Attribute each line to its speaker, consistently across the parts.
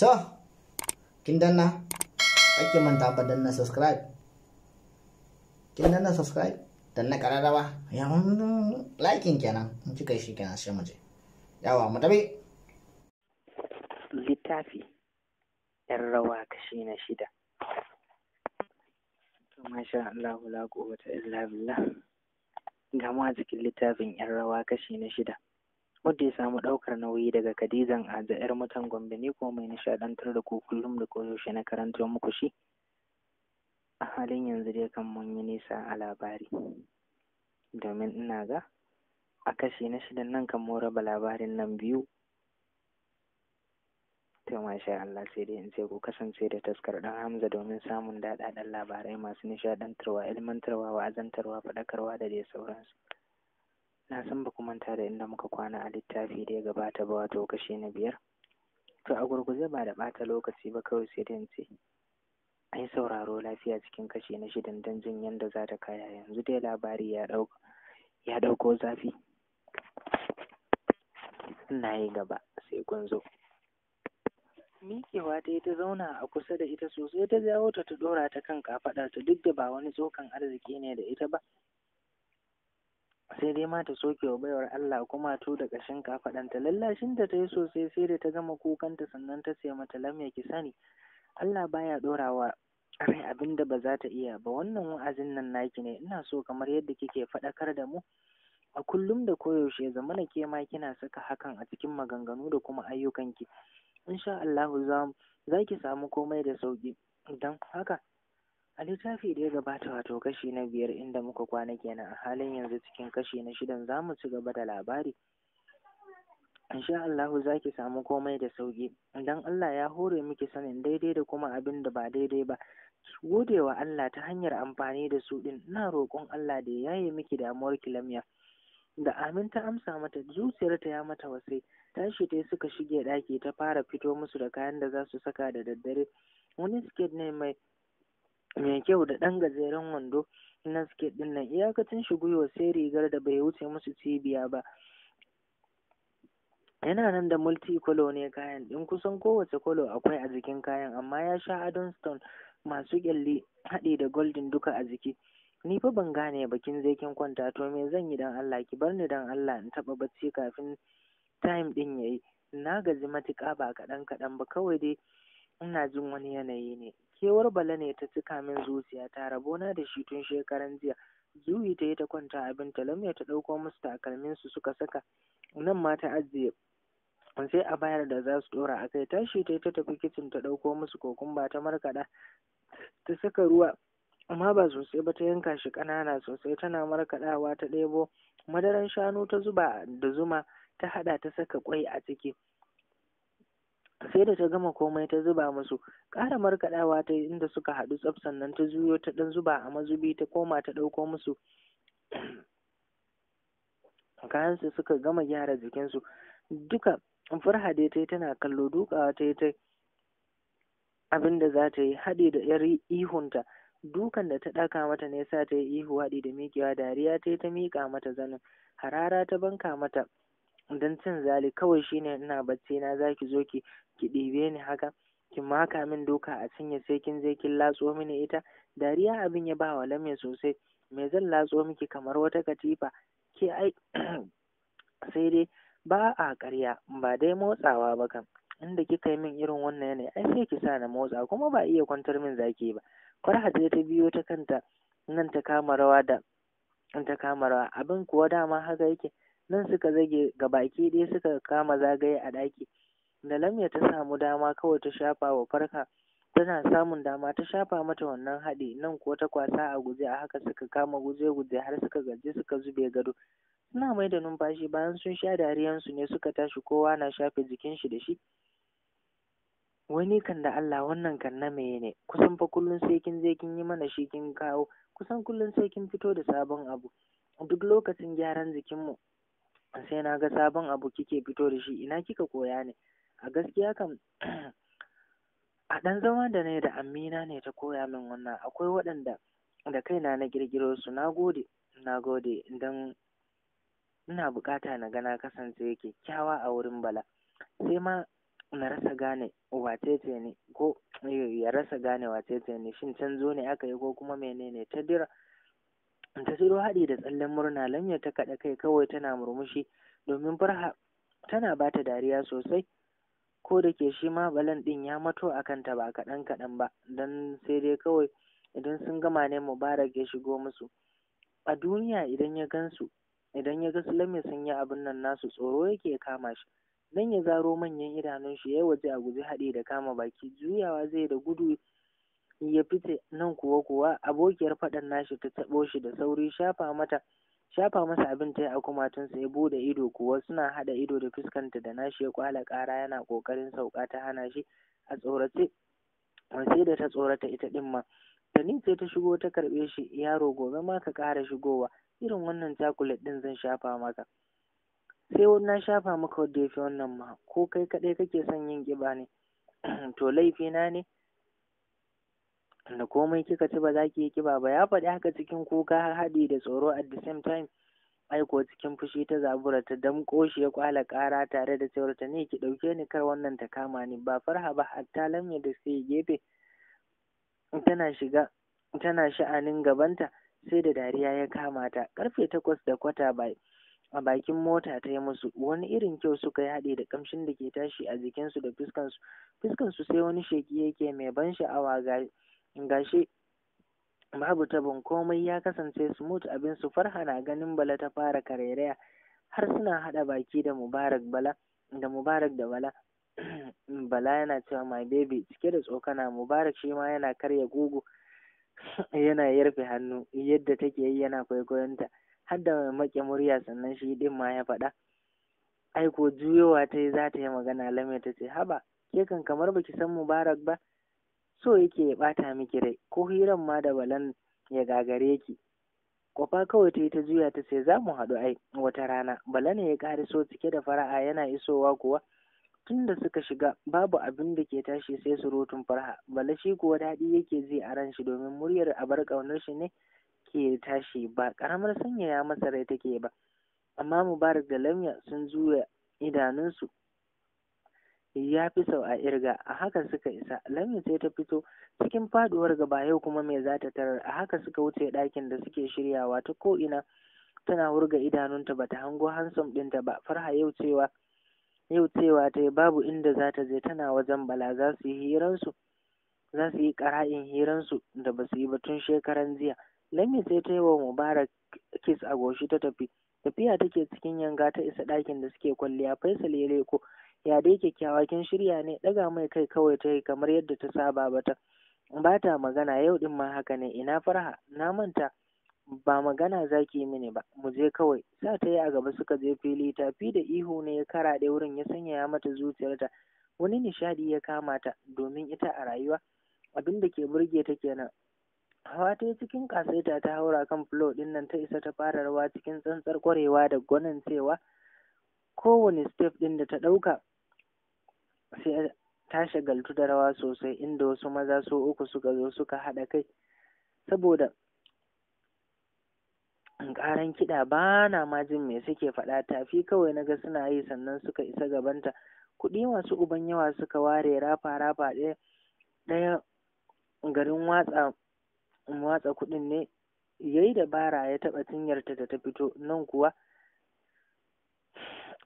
Speaker 1: to kin danna ake manta ba na subscribe kin danna subscribe na kararrawa yawon likin kenan in kika shi kenan sai mu je yawa mu tabi littafi yan rawa kashi na shida to masha Allah la quwwata illa billah ga mu a cikin littafin yan rawa kashi na shida Mudu ya samu ɗaukar nauyi daga Khadijan Aja ‘yar mutan Gombe ne, kuma mai nishaɗantar da ku kullum da koyaushe na karantar muku shi a halin yanzu dai kan mun yi nisa a labari domin ina ga a kashi na shidan nan kan mu raba labarin nan biyu to masha Allah sai dai in ce ku kasance da taskar dan Hamza domin samun daɗaɗɗen labarai masu nishaɗantarwa ilmantarwa wa'azantarwa faɗakarwa da dai sauransu na san ba ku manta da inda muka kwana a littafi da ya gabata ba wato kashi na biyar to a gurguje ba da ɓata lokaci ba kawai sai dai ce yi sauraro lafiya cikin kashi na shidan don jin yadda za ta kaya yanzu dai labari ya ɗau ya ɗauko zafi na yi gaba sai kun zo miƙewa ta ta zauna a kusa da ita sosai ta jawo ta ta ɗora ta kan ta duk da ba wani tsokan arziki ne da ita ba sai dai ma ta soke wa baiwar Allah kuma to da ƙashin kafaɗanta lallashin da ta yi sosai sai da ta gama kukanta sannan ta sai mata lamya ki sani Allah baya dorawa rai abinda da ba za ta iya ba wannan wa'azin nan naki ne ina so kamar yadda kike faɗakar da mu a kullum da koyaushe zama na ke ma kina saka hakan a cikin maganganu da kuma ayyukanki insha Allah za ki samu komai da sauki don haka a littafi da ya gabata wato kashi na biyar inda muka kwana kenan a halin yanzu cikin kashi na shidan za mu ci gaba da labari insha Allahu za ki samu komai da sauki idan Allah ya hore miki sanin daidai da kuma abin da ba daidai ba ki gode wa Allah ta hanyar amfani da su ɗin, ina roƙon Allah da ya yi miki damuwar kilamiya da amin ta amsa mata zuciyarta ya mata wasai tashi ta suka shige ɗaki ta fara fito musu da kayan da za su saka da daddare wani siket ne mai mai kyau da ɗan gajeren wando na siket ɗin nan iyakacin shi gwiwa sai rigar da bai wuce musu cibiya ba yana nan da multi kolo ne kayan ɗin kusan kowace kolo akwai a jikin kayan amma ya sha adon stone masu ƙyalli, haɗi da golden duka a jiki ni fa ban gane bakin zai kwanta to me zan yi dan Allah ki bar ni dan Allah in taɓa bacci kafin time ɗin yayi na gaji matuƙa ba kaɗan kaɗan ba kawai dai ina jin wani yanayi ne kewar bala ne ta cika min zuciya ta rabona da shi tun shekaran jiya zuwi ta yi ta kwanta abin ta lamya ta ɗauko musu takalmin su suka saka nan ma ta ajiye sai a bayar da za su ɗora a kai tashi ta yi ta tafi kicin ta ɗauko musu kokumba ta markaɗa ta saka ruwa amma ba sosai ba ta yanka shi ƙanana sosai tana markaɗawa ta ɗebo madaran shanu ta zuba da zuma ta haɗa ta saka ƙwai a ciki sai da ta gama komai ta zuba musu ƙara markaɗawa ta inda suka haɗu tsaf sannan ta juyo ta ɗan zuba a mazubi ta koma ta ɗauko musu kayansu suka gama gyara jikinsu duka farha dai ta yi tana kallo dukawa ta yi ta abin da za ta yi haɗi da yar ihunta dukan da ta ɗaka mata ne sa ta yi ihu haɗi da miƙewa dariya ta yi ta miƙa mata zanin harara ta banka mata don cin zali kawai shine ina bacci na zaki zo ki ki ɗebe ni haka ki maka min doka a cinye sai kin je kin latso mini ita dariya abin ya ba wa lamya sosai me zan latso miki kamar wata katifa ke ai sai dai ba a ƙarya ba dai motsawa ba kan inda kika yi min irin wannan yanayi ai sai ki sa na motsa kuma ba iya kwantar min zaki ba farha ta ta biyo ta kanta nan ta kama rawa da ta kama rawa abin kuwa dama haka yake nan suka zage ga baki ɗaya suka kama zagaye a ɗaki da lamya ta samu dama kawai ta shafa wa farka tana samun dama ta shafa mata wannan haɗi nan ko ta kwasa a guje a haka suka kama guje guje har suka gaji suka zube gado suna mai da numfashi bayan sun sha dariyansu ne suka tashi kowa na shafe jikin shi da shi wani kan da Allah wannan kan na meye ne kusan fa kullun sai kin je kin yi mana shi kin kawo kusan kullun sai kin fito da sabon abu duk lokacin gyaran jikinmu sai na ga sabon abu kike fito da shi ina kika koya ne a gaskiya kam a ɗan zama da na da amina ne ta koya min wannan akwai waɗanda da kaina na ƙirƙiro su na gode na gode don ina buƙata na gana kasance kyakkyawa a wurin bala sai ma na rasa gane wacece ne ko ya rasa gane wacece ne shin canzo ne aka yi ko kuma menene ta dira ta tsiro haɗi da tsallen murna lanyar ta kaɗa kai kawai tana murmushi domin farha tana ba ta dariya sosai ko da ke shi ma balan ɗin ya mato a kanta ba kaɗan kaɗan ba don sai dai kawai idan sun gama ne mubarak ya shigo musu a duniya idan ya gansu idan ya ga sulame sun yi abin nan nasu tsoro yake kama shi dan ya zaro manyan idanun shi ya waje a guji haɗi da kama baki juyawa zai da gudu ya fice nan kuwa kuwa abokiyar faɗan nashi ta taɓo shi da sauri shafa mata shafa masa abin ta yi a kumatunsa ya buɗe ido kuwa suna haɗa ido da fuskanta da nashi ya kwala kara yana kokarin sauka ta hana shi a tsorace sai da ta tsorata ita din ma tani ce ta shigo ta karbe shi yaro gobe ma ka kara shigowa irin wannan cakulet ɗin zan shafa maka sai na shafa maka wanda ya fi wannan ma ko kai kaɗai kake son yin ƙiba ne to laifina ne da komai kika ci ba za ki yi kiba ba ya faɗi haka cikin kuka haɗi da tsoro at the same time aiko cikin fushi ta zabura ta damƙo shi ya kwala ƙara tare da cewar ta ne ki ɗauke ni kar wannan ta kama ni ba farha ba hatta lamya da sai gefe tana shiga tana sha'anin gabanta sai da dariya ya kama ta karfe takwas da kwata bai a bakin mota ta yi musu wani irin kyau suka yi haɗe da kamshin da ke tashi a jikinsu da fuskansu fuskansu sai wani sheki yake mai ban sha'awa ga gashi babu tabin komai ya kasance smooth abin su farha na ganin bala ta fara karairaya har suna haɗa baki da mubarak bala da mubarak da bala bala yana cewa my baby cike da tsokana mubarak shi ma yana karya gugu yana yarfe hannu yadda take yi yana kwaikwayonta har da make murya sannan shi din ma ya faɗa aiko juyowa ta yi za ta yi magana lame ta ce haba ke kan kamar baki san mubarak ba so yake ya ɓata miki rai ko hiran ma da balan ya gagare ki kwafa kawai ta yi ta juya ta sai za mu haɗu ai wata rana bala ne ya ƙari so cike da fara'a yana isowa kuwa tun da suka shiga babu abin da ke tashi sai surutun farha bala shi kuwa daɗi yake ji a ran shi domin muryar abar ƙaunar shi ne ke tashi ba ƙaramar sanyaya masa rai take ba amma mubarak da lamya sun juya idanunsu ya fi sau a irga a haka suka isa lamin sai ta fito cikin faduwar gaba yau kuma me za ta tarar a haka suka wuce ɗakin da suke shiryawa ta ko ina tana wurga idanunta bata hango hansom ɗinta ba farha yau cewa yau cewa babu inda za ta je tana wajen bala za su yi hiransu za ƙara'in hiransu da ba su yi ba tun shekaran jiya lamin sai ta yi wa mubarak kis a goshi ta tafi tafiya take cikin yanga ta isa ɗakin da suke kwalliya faisal ya leko ya dai kyakkyawa kin shirya ne ɗaga mai kai kawai ta yi kamar yadda ta saba bata ba ta magana yau ɗin ma haka ne ina farha na manta ba magana za ki yi mini ba mu je kawai sa ta yi a gaba suka je fili tafi da ihu ne ya karaɗe wurin ya sanya mata zuciyarta wani nishaɗi ya kama ta domin ita a rayuwa abin da ke burge ta kenan hawa ta yi cikin ƙasaita ta haura kan fulo ɗin nan ta isa ta fara rawa cikin tsantsar kwarewa da gwanin cewa kowane step ɗin da ta ɗauka sai ta shagaltu da rawa sosai inda wasu maza su uku suka zo suka haɗa kai saboda ƙaran kiɗa ba na ma jin me suke faɗa tafi kawai na ga suna yi sannan suka isa gabanta kuɗi masu uban yawa suka ware rafa rafa ɗaya ɗaya garin watsa watsa kuɗin ne yayi bara ya taɓa cinyarta da ta fito nan kuwa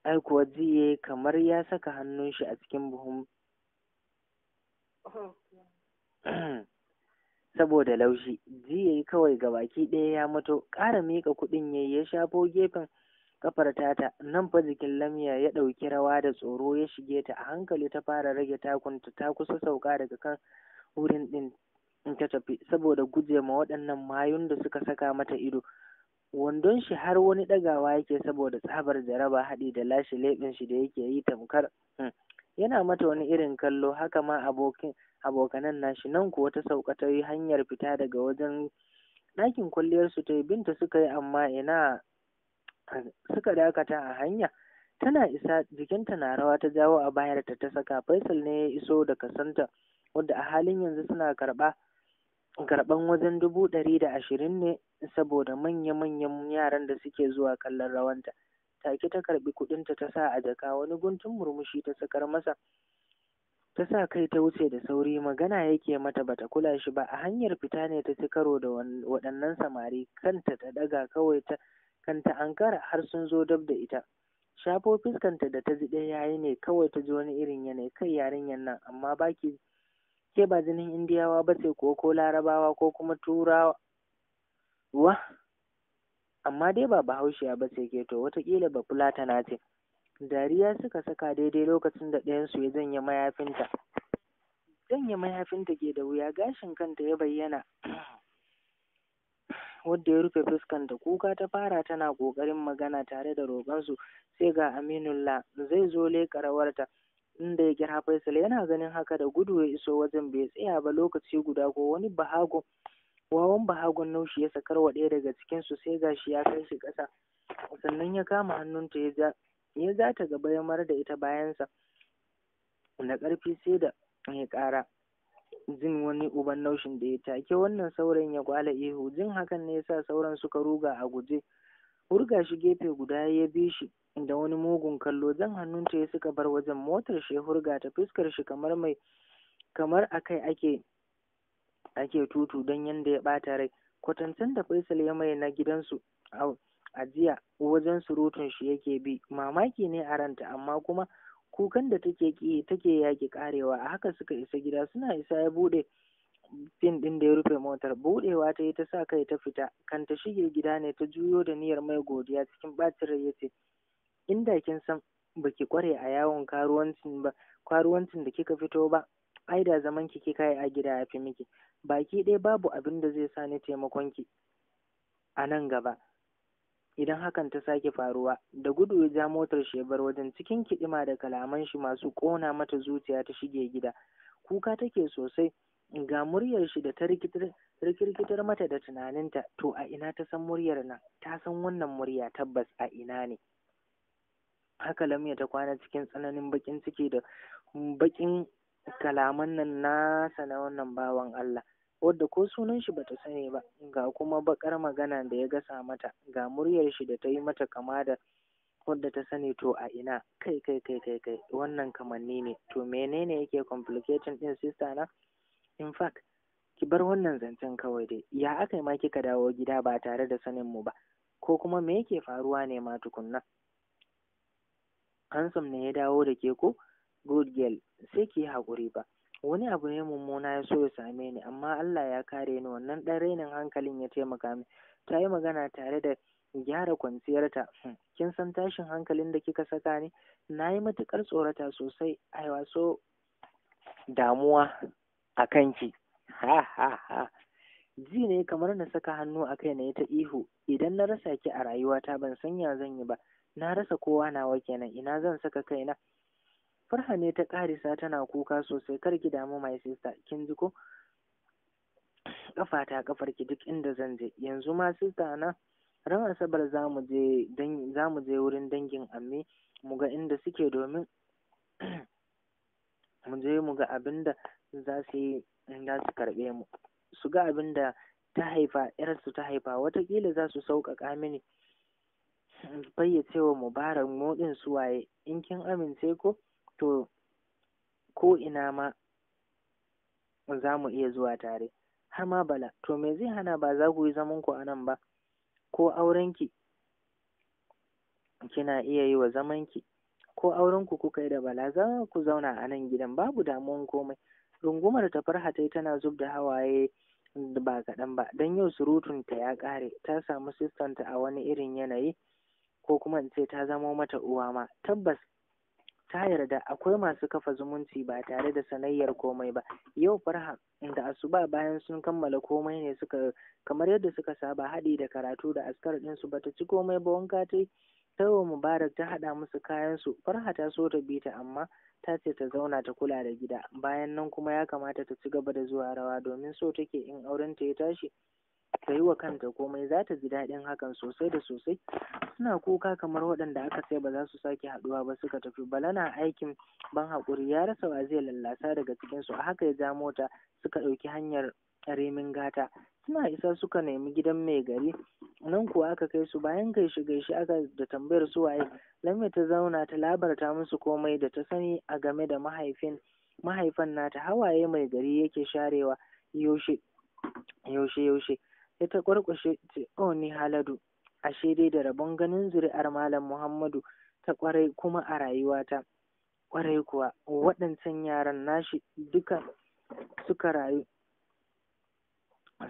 Speaker 1: ai kuwa kamar ya saka hannun shi a cikin buhun saboda laushi Jiya yi kawai ga baki ɗaya ya mato. ƙara mika kuɗin yayi ya shafo gefen kafar tata nan fa jikin lamya ya ɗauki rawa da tsoro ya shige ta a hankali ta fara rage takunta ta kusa sauka daga kan wurin ɗin ta tafi saboda guje waɗannan mayun da suka saka mata ido wandon shi har wani ɗagawa yake saboda tsabar jaraba haɗi da lashe leɓin shi da yake yi tamkar hmm, yana mata wani irin kallo haka ma abokin abokanan nashi nan kuwa ta sauka ta yi hanyar fita daga wajen ɗakin kwalliyar su ta yi binta suka yi amma ina suka dakata a hanya tana isa jikinta na rawa ta jawo a bayar ta ta saka faisal ne ya iso da kasanta wadda a halin yanzu suna karɓa karɓan wajen dubu ɗari da ashirin ne saboda manya-manyan yaran da suke zuwa kallon rawanta. Take ta karɓi kuɗinta ta sa a jaka wani guntun murmushi ta sakar masa. Ta sa kai ta wuce da sauri magana yake mata bata kula shi ba a hanyar fita ne ta ci karo da waɗannan samari kanta ta ɗaga kawai ta kanta ankara har sun zo dab da ita. Shafo fuskanta da ta ji ɗaya yayi ne kawai ta ji wani irin yanayi kai yarinyar nan amma baki ke ba jinin indiyawa ba ce ko ko larabawa ko kuma turawa Wa? Amma dai ba bahaushiya ba ce ke to watakila ba kula tana ce. Dariya suka saka daidai lokacin da ɗayansu ya janye mayafinta. Janye mayafinta ke da wuya gashin kanta ya bayyana. Wadda ya rufe fuskanta kuka ta fara tana ƙoƙarin magana tare da roƙonsu sai ga Aminullah zai zo leƙa rawarta. inda ya kira Faisal yana ganin haka da gudu ya iso wajen bai tsaya ba lokaci guda ko wani bahago wawan bahagon naushi ya sakar wa ɗaya daga cikinsu sai gashi ya kai shi ƙasa sannan ya kama hannunta ya ja ya ja ta gaba ya mar da ita bayansa da ƙarfi sai da ya ƙara jin wani uban naushin da ya take wannan sauran ya gwala ihu jin hakan ne yasa sauran suka ruga a guje hurga shi gefe guda ya bi shi da wani mugun kallo jan hannunta ya suka bar wajen motar shi hurga ta fuskar shi kamar mai kamar akai ake ake tutu don yanda ya ɓata rai kwatancen da Faisal ya mai na gidansu a jiya wajen surutun shi yake bi mamaki ne a ranta amma kuma kukan da take ki take yaki karewa a haka suka isa gida suna isa ya bude fin din da ya rufe motar budewa ta yi ta sa kai ta fita kan ta shige gida ne ta juyo da niyyar mai godiya cikin bacin rai yace inda kin san baki kware a yawon karuwancin ba karuwancin da kika fito ba ai da zaman ki kika a gida ya fi miki baki ɗaya babu abin da zai sa ni taimakon ki a nan gaba idan hakan ta sake faruwa da gudu ya ja motar shi wajen cikin kiɗima da kalaman shi masu ƙona mata zuciya ta shige gida kuka take sosai ga muryar shi da ta rikirkitar mata da tunaninta to a ina ta san muryar na? ta san wannan murya tabbas a ina ne haka lamya ta kwana cikin tsananin bakin ciki da bakin kalaman nan nasa na wannan bawan Allah wadda ko sunan shi bata sani ba ga kuma bakar magana da ya gasa mata ga muryar shi da ta yi mata kama da wadda ta sani to a ina kai kai kai kai kai wannan kamanni ne to menene yake complicating din sister na in fact ki bar wannan zancen kawai dai ya aka ma kika dawo gida ba tare da sanin mu ba ko kuma me yake faruwa ne ma tukunna handsome ne ya dawo da ke ko good girl sai ki yi haƙuri ba wani abu ne mummuna ya so ya same ni amma Allah ya kare ni wannan ɗan rainin hankalin ya taimaka min ta yi magana tare da gyara kwanciyarta hmm, kin san tashin hankalin da kika saka ni na yi matuƙar tsorata sosai ai waso damuwa a kanki ha ha ha ji ne kamar na saka hannu a kai na yi ta ihu idan na rasa ki a rayuwata ban san ya zan yi ba na rasa kowa nawa kenan ina zan saka kaina farha ne ta karisa tana kuka sosai kar ki damu my sister kin ji ko kafa ta kafar ki duk inda zan je yanzu ma sister na ran asabar zamu je dan zamu je wurin dangin amme mu ga inda suke domin mu je mu ga abinda za su yi za su karbe mu su ga abinda ta haifa yarsu ta haifa watakila za su sauƙaƙa mini bayyacewa wa mubarak modin su waye in kin amince ko to ko ina ma za mu iya zuwa tare har ma bala to me zai hana ba za ku yi zaman ku a nan ba ko aurenki kina iya yi wa zamanki ko aurenku kuka yi da bala za ku zauna a nan gidan babu damuwan komai rungumar ta farhatai tana zub da hawaye ba kaɗan ba don yau surutun ta ya ƙare ta samu sistanta a wani irin yanayi ko kuma in ce ta zamo mata uwa ma tabbas ta yarda akwai masu kafa zumunci ba tare da sanayyar komai ba yau farha da asuba bayan sun kammala komai ne suka kamar yadda suka saba haɗi da karatu da askar ɗinsu bata ci komai ba wanka ta ta mubarak ta haɗa musu kayansu farha ta so ta bi ta amma ta ce ta zauna ta kula da gida bayan nan kuma ya kamata ta ci gaba da zuwa rawa domin so take in auren ta ya tashi ta yi wa kanta komai za ta ji daɗin hakan sosai da sosai suna kuka kamar waɗanda aka sai ba za su sake haɗuwa ba suka tafi balana aikin ban haƙuri ya rasa wa zai lallasa daga cikinsu a haka ya ja mota suka ɗauki hanyar remin gata suna isa suka nemi gidan mai gari nan kuwa aka kai su bayan kai shi gaishe aka da tambayar su waye lamme ta zauna ta labarta musu komai da ta sani a game da mahaifin mahaifan nata hawaye mai gari yake sharewa yaushe yaushe yaushe ya ta ƙwarƙwashe ce oh, haladu ashe dai da rabon ganin zuri'ar malam muhammadu ta kwarai kuma a rayuwata ƙwarai kuwa waɗancan yaran nashi duka suka rayu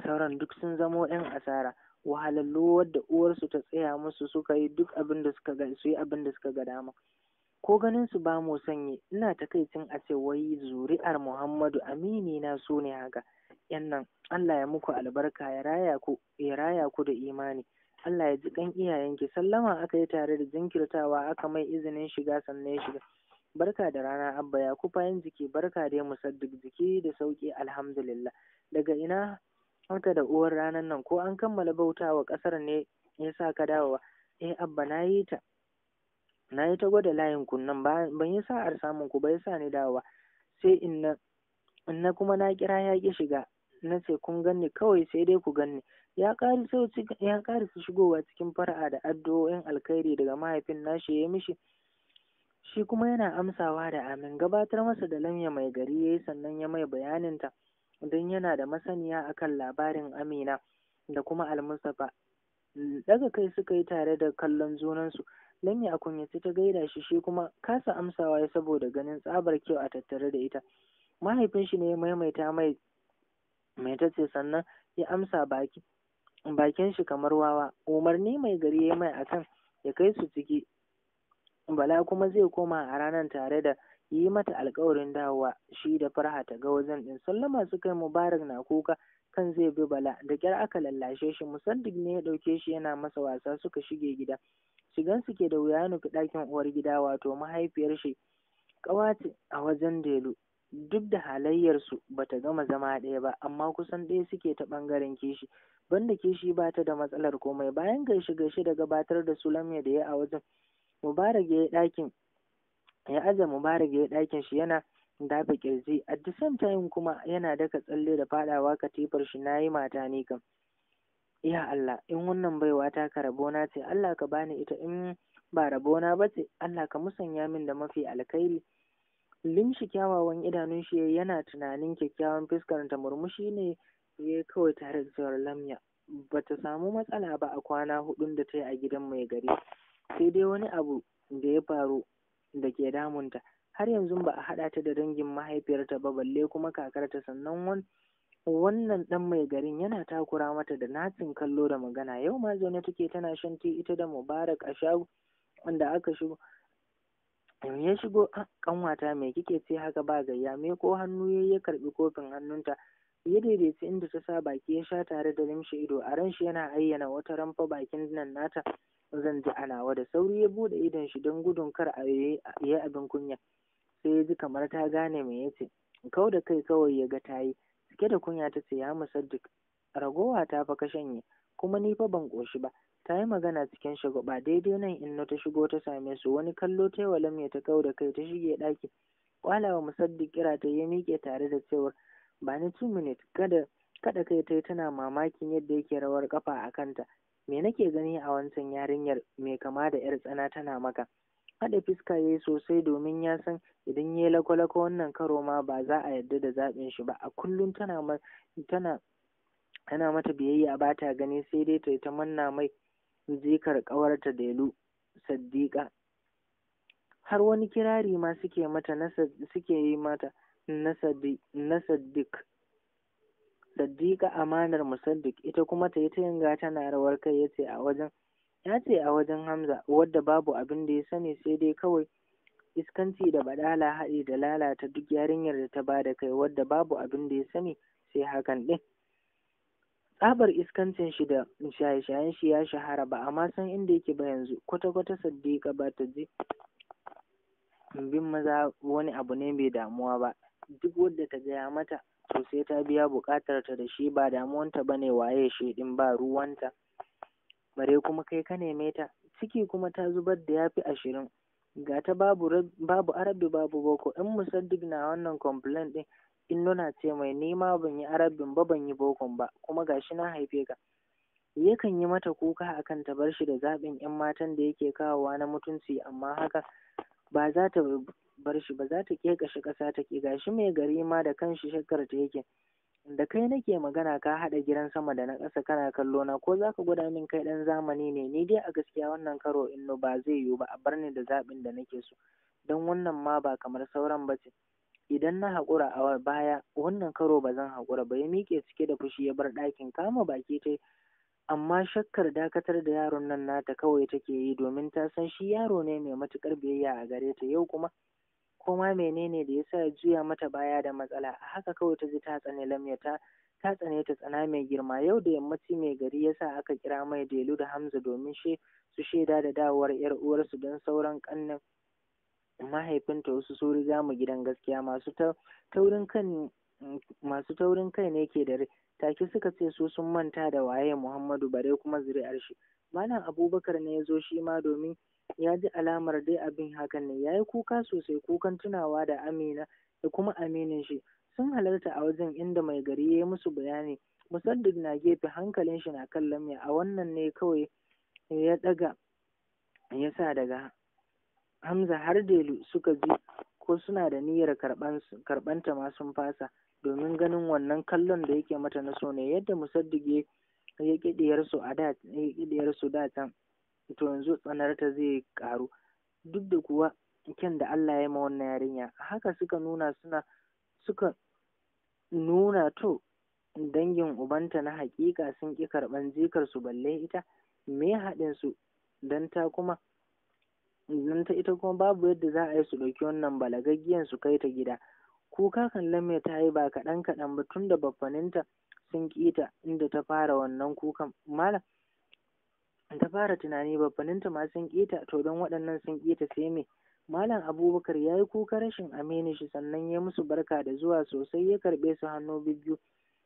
Speaker 1: sauran duk sun zamo 'yan asara wahalallu wadda uwarsu ta tsaya musu suka yi duk abin da suka ga su yi abin da suka ga dama ko ganin su ba mu sanye ina takaicin a ce wai zuri'ar Muhammadu amini na su ne haka yan nan Allah ya muku albarka ya raya ku ya raya ku da imani Allah ya ji kan iyayenki sallama aka yi tare da jinkirtawa aka mai izinin shiga sannan shiga barka da rana abba ya ku fayin jiki barka dai musaddik jiki da sauki alhamdulillah daga ina haka da uwar ranar nan ko an kammala bautawa kasar ne ya sa ka dawowa eh abba na yi ta na ta gwada layin kunnan ban yi sa'ar samun ku ba yasa sa ni dawowa sai inna inna kuma na kira ya ki shiga na ce kun ganni kawai sai dai ku ganni ya karisa ya su shigowa cikin fara'a da addu'o'in alkhairi daga mahaifin nashi ya mishi shi kuma yana amsawa da amin gabatar masa da lamya mai gari yayi sannan ya mai bayaninta don yana da masaniya akan labarin amina da kuma almustapha daga kai suka yi tare da kallon junansu lamya a kunyaci ta gaida shi shi kuma kasa amsawa ya saboda ganin tsabar kyau a tattare da ita mahaifin shi ne ya maimaita mai ne ta ce sannan ya amsa baki bakin shi kamar wawa umarni mai gari ya mai akan ya kai su ciki bala kuma zai koma a ranar tare da yi mata alkawarin dawowa shi da farha ta ga wajen din sallama su kai mubarak na kuka kan zai bi bala da kyar aka lallashe shi musaddik ne ya ɗauke shi yana masa wasa suka shige gida shigan su ke da wuya ya nufi ɗakin uwar gida wato mahaifiyar shi ƙawace a wajen delu duk da halayyarsu ba ta gama zama ɗaya ba amma kusan ɗaya suke ta ɓangaren kishi banda kishi ba ta da matsalar komai bayan gaishe gaishe da gabatar da sulamya da ya a wajen mubarak ya ɗakin ya aje mubarak ya ɗakin shi yana dafa kirji at the same time kuma yana daka tsalle da faɗawa katifar shi Na yi mata ni kam ya Allah in wannan baiwa ta ka rabona ce Allah ka bani ita in ba rabona ba ce Allah ka musanya min da mafi alkhairi limshi kyawawan idanun shi yana tunanin kyakkyawan ta murmushi ne ya kawai tare da lamya ba ta samu matsala ba a kwana hudun da ta yi a gidan mai gari sai dai wani abu da ya faru da ke damun ta. har yanzu ba a haɗa ta da dangin mahaifiyarta ba balle kuma kakarta sannan wannan ɗan mai garin yana takura mata da natsin kallo da magana yau ma zaune take tana shan tea ita da mubarak a shago wanda aka shigo yau ya shigo, ah, ƙanwata mai kike ce haka ba gayya, me ko hannu ya ya karɓi kofin hannunta, ya daidaici inda ta sa baki ya sha tare da limshi ido, a ranshi yana ayyana wata ramfa bakin nan nata zan ji anawa da sauri ya buɗe idon shi don gudun kar a yi abin kunya. Sai ya ji kamar ta gane me ya ce, kau da kai kawai ya ga ta yi, cike da kunya ta ce ya musaddik, ragowa ta fa ka shanye, kuma ni fa ban ƙoshi ba, ta yi magana cikin shagwaba daidai nan in inna ta shigo ta same su wani kallo ta wa lamya ta kau da kai ta shige ɗaki kwalawa musaddi kira ta ya miƙe tare da cewar ba ni two kada kada kai ta tana mamakin yadda yake rawar kafa a kanta me nake gani a wancan yarinyar me kama da yar tsana tana maka haɗa fiska ya yi sosai domin ya san idan ya yi lakwalakwa wannan karo ma ba za a yarda da zaɓin shi ba a kullum tana tana tana mata biyayya ba ta gani sai dai ta ta manna mai jikar ƙawarta Delu Saddiƙa har wani kirari ma suke mata suke yi mata na Saddiq Saddiƙa amanar Musaddiq ita kuma ta yi ta tana rawar kai yace a wajen ya ce a wajen Hamza wadda babu abin da ya sani sai dai kawai iskanci da badala haɗi da lalata duk yarinyar da ta bada kai wadda babu abin da ya sani sai hakan ɗin tsabar iskancin shi da shaye-shayen shi ya shahara ba amma san inda yake ba yanzu kwata-kwata saddiƙa ba ta ji. bin maza wani abu ne mai damuwa ba duk wadda ta gaya mata to sai ta biya bukatar ta da shi ba damuwanta ba ne waye shi din ba ruwanta bare kuma kai ka neme ta ciki kuma ta zubar da yafi ashirin ga ta babu babu arabi babu boko in musaddiq na wannan complaint din nuna ce mai nima ban yi arabin ba ban yi bokon ba kuma gashi na haife ka. Yakan yi mata kuka akan ta bar shi da zaɓin 'yan matan da yake kawowa na mutunci amma haka ba za ta bar shi ba za ta ƙeƙashe ƙasa ta gashi mai gari ma da kanshi shakkar ta yake. Da kai nake magana ka haɗa gidan sama da na ƙasa kana kallo na ko za ka gwada min kai ɗan zamani ne ni dai a gaskiya wannan karo inno ba zai yiwu ba a bar ni da zabin da nake so don wannan ma ba kamar sauran ba idan na haƙura a baya wannan karo ba zan haƙura ba ya miƙe cike da fushi ya bar ɗakin kama baki ta amma shakkar dakatar da yaron nan nata kawai take yi domin ta san shi yaro ne mai matuƙar biyayya a gare ta yau kuma koma menene da yasa ya juya mata baya da matsala a haka kawai ta ji ta tsane lamya ta ta tsane ta tsana mai girma yau da yammaci mai gari yasa aka kira mai delu da hamza domin su shaida da dawowar yar uwarsu don sauran kannin mahaifinta wasu su riga mu gidan gaskiya masu taurin kan masu taurin kai ne ke da take suka ce su sun manta da waye Muhammadu bare kuma zuri'ar shi malam Abubakar ne ya zo shi ma domin ya ji alamar dai abin hakan ne yayi kuka sosai kukan tunawa da Amina da kuma aminin shi sun halarta a wajen inda mai gari ya yi musu bayani musaddik na gefe hankalin shi na kan lamya a wannan ne kawai ya daga ya sa daga Hamza har Delu suka ji ko suna da niyyar karɓanta ma sun fasa domin ganin wannan kallon da yake mata na so ne yadda musaddige ya ƙidiyarsu a da da can to yanzu tsanarta zai ƙaru duk da kuwa kyan da Allah ya ma wannan yarinya haka suka nuna suna suka nuna to dangin ubanta na haƙiƙa sun ƙi karɓan jikarsu balle ita me su don ta kuma nan ta ita kuma babu yadda za a yi su ɗauki wannan balagaggiyan su kai ta gida kuka mai ta yi ba kaɗan kaɗan ba tun da baffaninta sun ƙi inda ta fara wannan kukan malam ta fara tunani baffaninta ma sun ƙi to don waɗannan sun ƙi sai me malam abubakar ya yi kuka rashin amini shi sannan ya musu barka da zuwa sosai ya karɓe su hannu biyu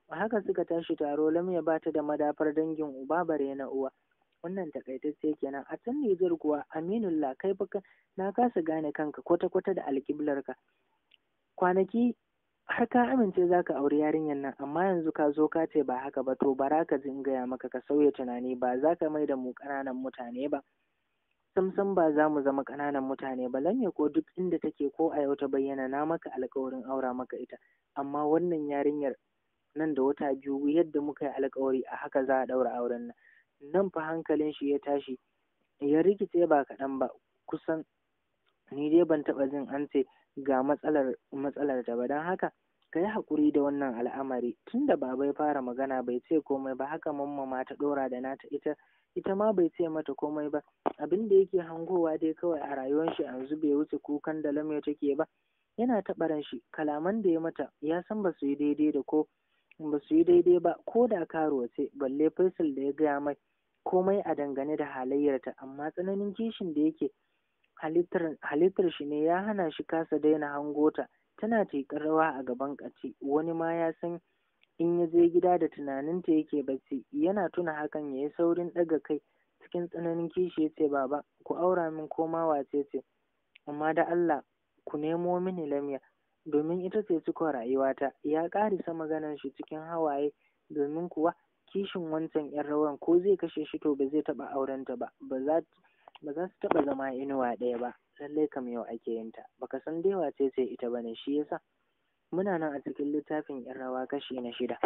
Speaker 1: haka suka tashi taro lamya ba ta da madafar dangin uba bare na uwa wannan takaitacce kenan a can Nijar kuwa Aminullah kai baka na kasa gane kanka kwata-kwata da alƙiblar ka. kwanaki har ka amince za ka auri yarinyar nan amma yanzu ka zo ka ce ba haka ba to bara ka jin gaya maka ka sauya tunani ba za ka mai da mu ƙananan mutane ba samsam ba za mu zama ƙananan mutane ba lanya ko duk inda take ko a yau ta bayyana na maka alƙawarin aura maka ita amma wannan yarinyar nan da wata biyu yadda muka yi alƙawari a haka za a ɗaura auren nan nan fa hankalin shi ya tashi ya rikice ba kaɗan ba kusan ni dai ban taɓa jin an ce ga matsalar matsalar ta ba don haka ka yi haƙuri da wannan al'amari tun da baba ya fara magana bai ce komai ba haka mamma ma ta ɗora da nata ita ita ma bai ce mata komai ba abin da yake hangowa dai kawai a rayuwar shi yanzu bai wuce kukan da lamya take ba yana taɓa ran shi kalaman da ya mata ya san ba su yi daidai da ko ba su yi daidai ba ko da karuwa ce balle Faisal da ya gaya mai komai a dangane da halayyarta amma tsananin kishin da yake halittar shi ne ya hana shi kasa daina hangota tana tekar rawa a gaban kaci wani ma ya san in ya je gida da tunaninta yake bacci yana tuna hakan ya yi saurin ɗaga kai cikin tsananin kishi ya ce baba ku aura min koma wace ce amma da Allah ku nemo mini lamya domin ita ce cikon rayuwata ya sama maganar shi cikin hawaye domin kuwa kishin wancan yan rawan ko zai kashe shi to ba zai taɓa aurenta ba ba za ba za su taɓa zama inuwa ɗaya ba lallai kam yau ake yin ta baka san dai wace ce ita bane shi yasa muna nan a cikin littafin yan rawa kashi na shida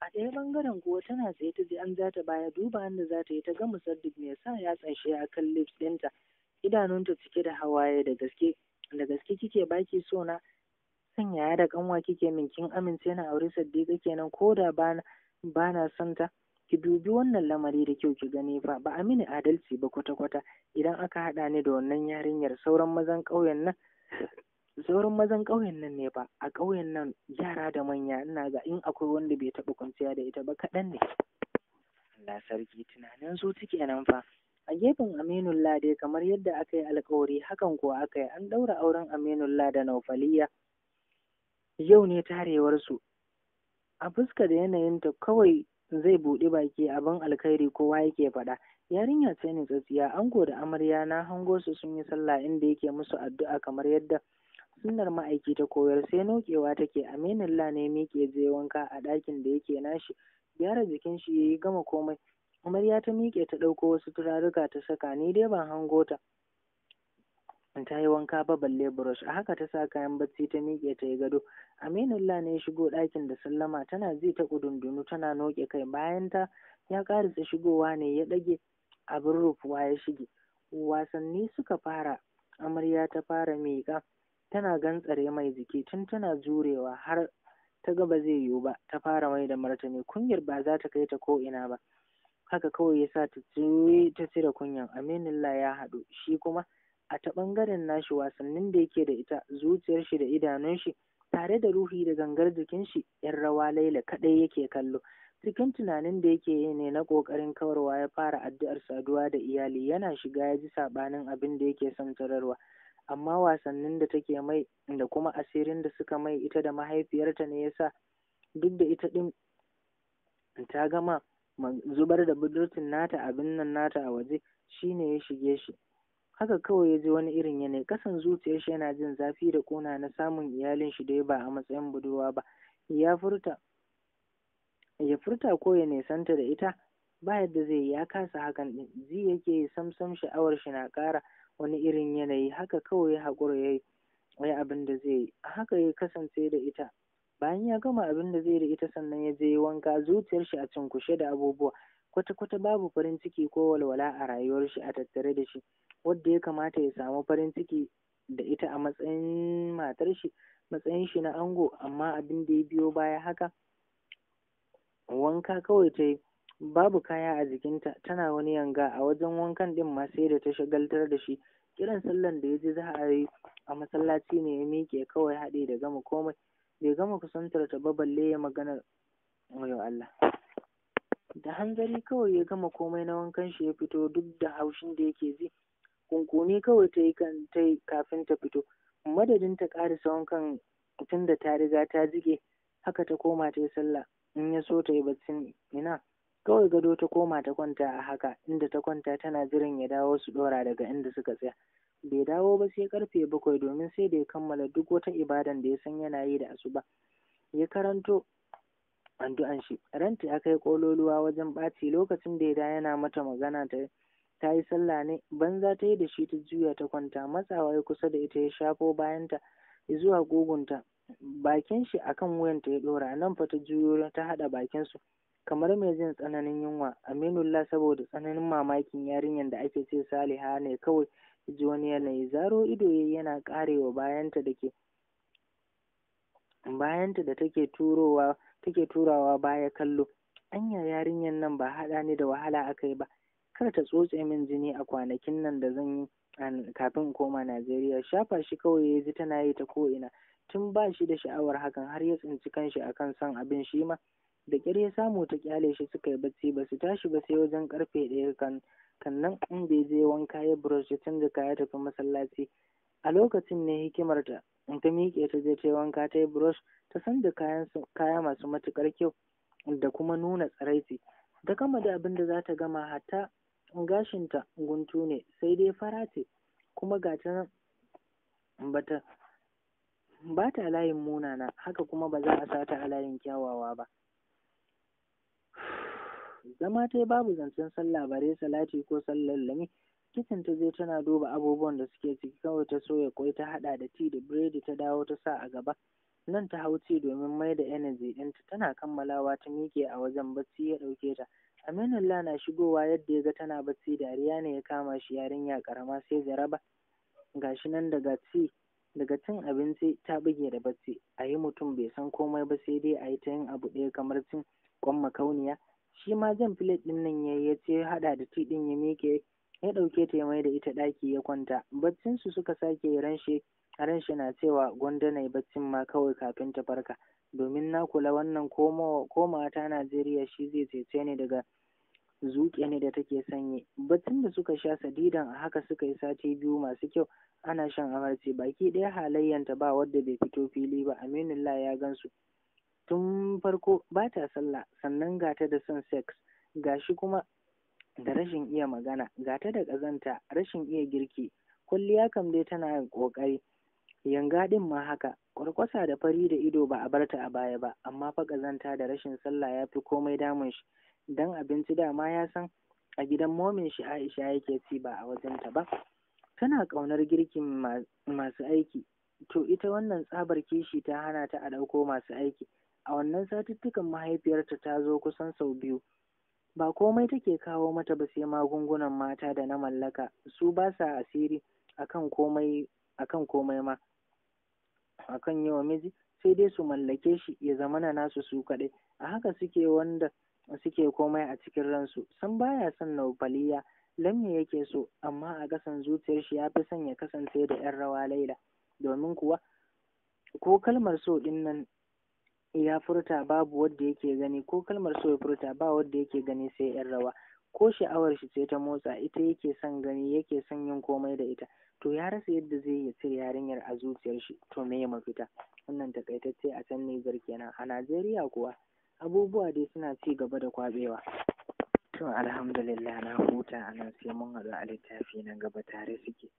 Speaker 1: a ɗaya ɓangaren kuwa tana tsaye ta ji an za ta baya duba yadda za ta yi ta ga musaddik me sa ya tsanshe a kan lips ɗinta idanunta cike da hawaye da gaske da gaske kike baki so na san yaya da kanwa kike min kin amince na aure Saddiqa kenan ko da ba ba na son ta ki dubi wannan lamari da kyau ki gani fa ba a mini adalci ba kwata kwata idan aka haɗa ni da wannan yarinyar sauran mazan ƙauyen nan sauran mazan ƙauyen nan ne ba a ƙauyen nan yara da manya ina ga in akwai wanda bai taɓa kwanciya da ita ba kaɗan ne Allah sarki tunanin su zuci nan fa gefen Aminullah dai kamar yadda aka yi alkawari hakan kuwa aka yi an ɗaura auren Aminullah da Naufaliya. Yau ne tarewarsu. A fuska da yanayin ta, kawai zai buɗe baki abin alkhairi kowa yake faɗa. Yarinya ce ne tsatsiya ango da amarya na hango su sun yi sallah inda yake musu addu'a kamar yadda sunnar ma'aiki ta koyar sai nokewa take Aminullah ne miƙe je wanka a ɗakin da yake nashi. Gyara jikin shi yayi gama komai Amarya ta miƙe ta ɗauko wasu turaruka ta saka ni dai ban hango ta. Ta yi wanka ba balle brush a haka ta sa kayan bacci ta miƙe ta yi gado. Aminullah ne ya shigo ɗakin da sallama tana zai ta ƙudundunu tana noƙe kai bayan ta ya ƙarisa shigowa ne ya ɗage abin rufuwa ya shige. Wasanni suka fara amarya ta fara miƙa tana gantsare mai jiki tun tana jurewa har ta gaba zai yiwu ba ta fara mai da martani kunyar ba za ta kai ta ko ina ba. haka kawai yasa sa ta jini ta cire kunyan aminullah ya haɗu shi kuma a ta ɓangaren nashi wasannin da yake da ita zuciyar shi da idanun shi tare da ruhi da gangar jikin shi yan rawa laila kaɗai yake kallo cikin tunanin da yake yi ne na ƙoƙarin kawarwa ya fara addu'ar saduwa da iyali yana shiga ya ji saɓanin abin da yake son tararwa amma wasannin da take mai da kuma asirin da suka mai ita da mahaifiyarta ne yasa duk da ita ɗin ta gama zubar da budurcin nata abin nan nata a waje shine ya shige shi haka kawai ya ji wani irin yanayi kasan zuciyar shi yana jin zafi da kuna na samun iyalin shi dai ba a matsayin budurwa ba ya furta ya furta ko ya nesanta da ita ba yadda zai ya kasa hakan din ji yake sam sam sha'awar shi na kara wani irin yanayi haka kawai ya haƙura ya yi abin da zai yi haka ya kasance da ita bayan ya gama abin da zai da ita sannan ya je wanka zuciyar shi a cinkushe da abubuwa kwata-kwata babu farin ciki ko walwala a rayuwar shi a tattare da shi wadda ya kamata ya samu farin ciki da ita a matsayin matar shi matsayin shi na ango amma abin da ya biyo baya haka wanka kawai ta yi babu kaya a jikinta tana wani yanga a wajen wankan din ma sai da ta shagaltar da shi kiran sallan da ya ji za a yi a masallaci ne ya miƙe kawai haɗe da gama komai bai gama kusantar ta ba balle ya magana wayo Allah da hanzari kawai ya gama komai na wankan shi ya fito duk da haushin da yake ji kunkuni kawai ta yi kan ta kafin ta fito madadin ta ƙarisa wankan tun da ta riga ta jike haka ta koma ta yi sallah in ya so ta yi baccin ina kawai gado ta koma ta kwanta a haka inda ta kwanta tana jiran ya dawo su ɗora daga inda suka tsaya Bai dawo ba sai karfe bakwai domin sai da ya kammala duk wata ibadan da ya san yana yi da asuba. Ya karanto addu'an shi. Ranti ya kai kololuwa wajen ɓaci lokacin da ya da yana mata magana ta ta yi sallah ne banza ta yi da shi ta juya ta kwanta matsawa ya kusa da ita ya shafo bayanta zuwa gugunta bakin shi akan wuyanta ya ɗora nan fa ta juyo ta haɗa bakin su kamar mai jin tsananin yunwa aminullah saboda tsananin mamakin yarinyar da ake ce saliha ne kawai ji wani yanayi zaro ido yayi yana ƙarewa bayanta da ke bayanta da take turowa take turawa baya kallo anya yarinyar nan ba haɗa ni da wahala akai ba kar ta tsotse min jini a kwanakin nan da zan yi kafin koma Najeriya shafa shi kawai ya ji tana yi ta ko'ina tun ba shi da sha'awar hakan har ya tsinci kanshi akan son abin shi ma da kyar ya samu ta kyale shi suka yi bacci ba su tashi ba sai wajen karfe ɗaya kan sannan in bai je wanka ya brush ya canza kaya ta tafi masallaci a lokacin ne hikimar ta in ta miƙe ta je ta yi wanka ta yi brush ta canza kayan kaya masu matuƙar kyau da kuma nuna tsiraici ta gama da abin da za ta gama hatta gashinta guntu ne sai dai fara ce kuma ga ta nan bata ba ta layin munana haka kuma ba za a sata a layin kyawawa ba zama ta babu zancen sallah bare salati ko sallar lami kicin ta je tana duba abubuwan da suke ciki kawai ta soya kwai ta haɗa da ti da biredi ta dawo ta sa a gaba nan ta hau ci domin mai da energy ɗinta tana kammalawa ta miƙe a wajen bacci ya ɗauke ta aminullah na shigowa yadda ya ga tana bacci dariya ne ya kama shi yarinya karama sai jaraba gashi nan daga ci daga cin abinci ta buge da bacci a yi mutum bai san komai ba sai dai a yi ta yin abu ɗaya kamar cin kwan makauniya shi ma jan filet ɗin nan ya ya ce ya haɗa da ti ɗin ya miƙe ya ɗauke ta ya mai da ita ɗaki ya kwanta baccin su suka sake ranshe ranshe na cewa gwanda na baccin ma kawai kafin ta farka domin na kula wannan komawa ta najeriya shi zai cece ni daga zuƙe ne da take sanye baccin da suka sha sadidan a haka suka yi sati biyu masu kyau ana shan amarci baki ɗaya halayyanta ba wadda bai fito fili ba aminullah ya gansu tun farko ba ta sallah sannan gata da son sex ga shi kuma da rashin iya magana gata da ƙazanta rashin iya girki Kulliya kam dai tana yin ƙoƙari yanga ɗin ma haka kwarkwasa da fari da ido ba a barta a baya ba amma fa ƙazanta da rashin sallah ya fi komai damun shi dan abinci dama ya san a gidan momin shi aisha yake ci ba a wajen ta ba tana ƙaunar girki masu aiki to ita wannan tsabar kishi ta hana ta a ɗauko masu aiki a wannan satuttukan mahaifiyarta ta zo kusan sau biyu ba komai take kawo mata ba sai magungunan mata da na mallaka su ba sa asiri akan komai akan komai ma akan yawa miji sai dai su mallake shi ya zamana nasu su kaɗai a haka suke wanda suke komai a cikin ransu san baya son naufaliya lamme yake so amma a ƙasan zuciyar shi ya fi son ya kasance da yan rawa laila domin kuwa ko kalmar so ɗin nan ya furta babu wadda yake gani ko kalmar so ya furta ba wadda yake gani sai yan rawa ko sha'awar shi sai ta motsa ita yake son gani yake son yin komai da ita to ya rasa yadda zai yi cire yarinyar a zuciyar shi to me ya mafita wannan takaitacce a can Niger kenan a Najeriya kuwa abubuwa dai suna ci gaba da kwabewa to alhamdulillah na huta anan sai mun haɗu a littafi na gaba tare suke